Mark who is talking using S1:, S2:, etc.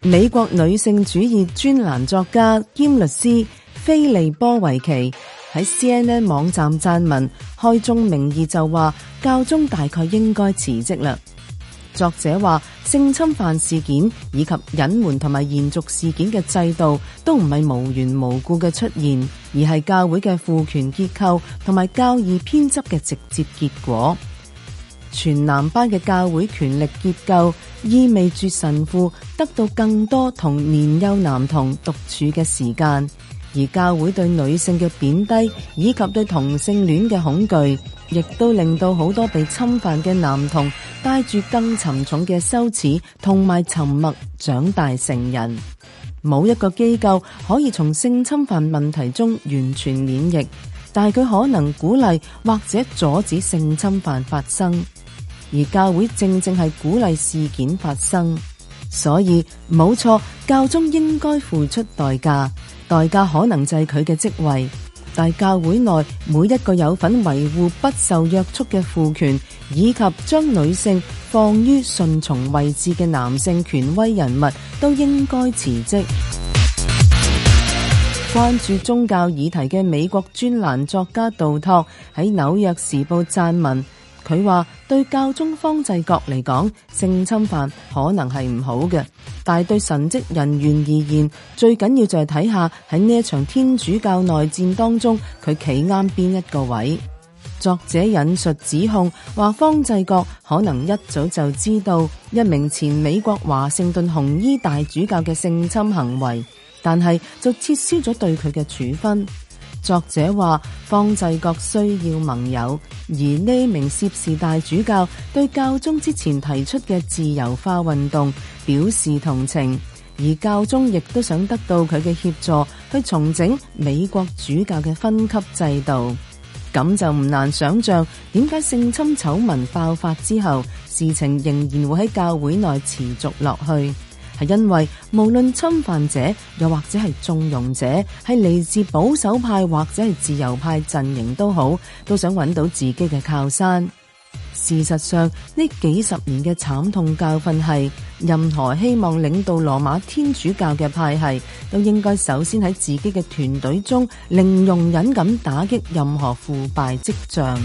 S1: 美國女性主義專欄作家兼律師菲利波維奇喺 CNN 網站撰文，開宗明義就話：教宗大概應該辭職啦。作者話：性侵犯事件以及隱瞞同埋延續事件嘅制度，都唔係無緣無故嘅出現，而係教會嘅父權結構同埋教義偏執嘅直接結果。全男班嘅教會權力結構，意味住神父得到更多同年幼男童獨處嘅時間，而教會對女性嘅貶低以及對同性戀嘅恐懼，亦都令到好多被侵犯嘅男童帶住更沉重嘅羞恥同埋沉默長大成人。冇一個機構可以從性侵犯問題中完全免疫。但係佢可能鼓勵或者阻止性侵犯發生，而教會正正係鼓勵事件發生，所以冇錯，教宗應該付出代價，代價可能就係佢嘅職位。但教會內每一個有份維護不受約束嘅父權，以及將女性放於順從位置嘅男性權威人物，都應該辭職。關注宗教議題嘅美國專欄作家杜托喺《紐約時報》撰文，佢話對教宗方濟各嚟講，性侵犯可能係唔好嘅，但係對神職人員而言，最緊要就係睇下喺呢一場天主教內戰當中，佢企啱邊一個位。作者引述指控，話方濟各可能一早就知道一名前美國華盛頓紅衣大主教嘅性侵行為。但係就撤銷咗對佢嘅處分。作者話，方濟各需要盟友，而呢名涉事大主教對教宗之前提出嘅自由化運動表示同情，而教宗亦都想得到佢嘅協助去重整美國主教嘅分級制度。咁就唔難想象，點解性侵醜聞爆發之後，事情仍然會喺教會內持續落去。係因為無論侵犯者，又或者係縱容者，係嚟自保守派，或者係自由派陣營都好，都想搵到自己嘅靠山。事實上，呢幾十年嘅慘痛教訓係任何希望領導羅馬天主教嘅派系，都應該首先喺自己嘅團隊中，零容忍咁打擊任何腐敗跡象。